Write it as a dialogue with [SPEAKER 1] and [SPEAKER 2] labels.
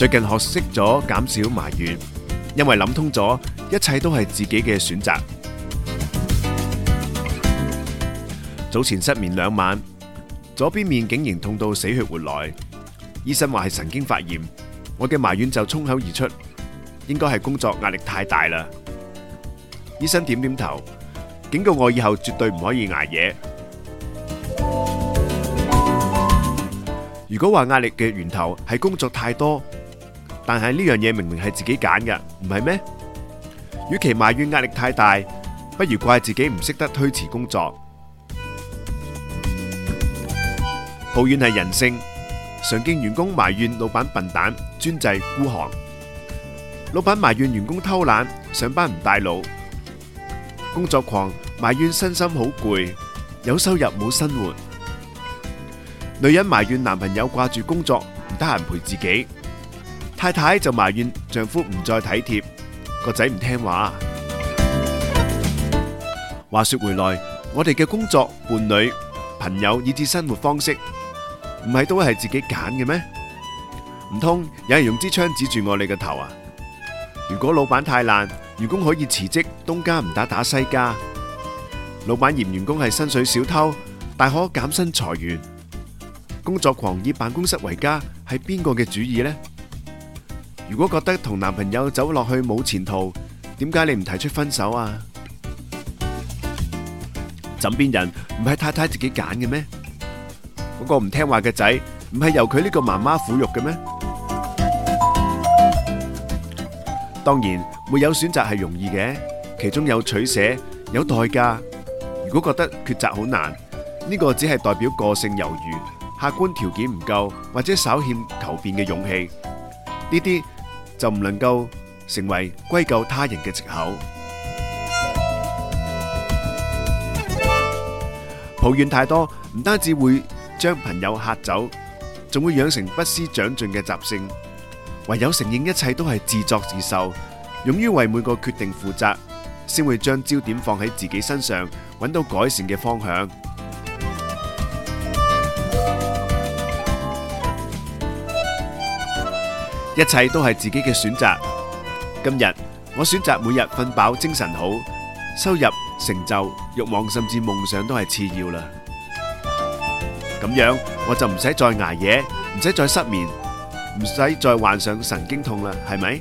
[SPEAKER 1] 最近學識咗減少埋怨，因為諗通咗一切都係自己嘅選擇。早前失眠兩晚，左邊面竟然痛到死去活來，醫生話係神經發炎，我嘅埋怨就衝口而出，應該係工作壓力太大啦。醫生點點頭，警告我以後絕對唔可以捱夜。如果話壓力嘅源頭係工作太多。但係呢樣嘢明明係自己揀嘅，唔係咩？與其埋怨壓力太大，不如怪自己唔識得推辭工作。抱怨係人性，常見員工埋怨老闆笨蛋、專制、孤寒。老闆埋怨員工偷懶、上班唔帶腦。工作狂埋怨身心好攰，有收入冇生活。女人埋怨男朋友掛住工作唔得閒陪自己。太太就埋怨丈夫唔再體貼，個仔唔聽話。話說回來，我哋嘅工作、伴侶、朋友以至生活方式，唔係都係自己揀嘅咩？唔通有人用支槍指住我哋嘅頭啊？如果老闆太爛，員工可以辭職，東家唔打打西家。老闆嫌員工係薪水小偷，大可減薪裁員。工作狂以辦公室為家，係邊個嘅主意呢？如果覺得同男朋友走落去冇前途，點解你唔提出分手啊？枕邊人唔係太太自己揀嘅咩？嗰個唔聽話嘅仔唔係由佢呢個媽媽撫育嘅咩？當然冇有選擇係容易嘅，其中有取捨，有代價。如果覺得抉擇好難，呢個只係代表個性猶豫、客觀條件唔夠或者稍欠求變嘅勇氣呢啲。就唔能夠成為歸咎他人嘅藉口。抱怨太多，唔單止會將朋友嚇走，仲會養成不思長進嘅習性。唯有承認一切都係自作自受，勇於為每個決定負責，先會將焦點放喺自己身上，揾到改善嘅方向。一切都係自己嘅選擇。今日我選擇每日瞓飽，精神好，收入、成就、欲望甚至夢想都係次要啦。咁樣我就唔使再捱夜，唔使再失眠，唔使再患上神經痛啦，係咪？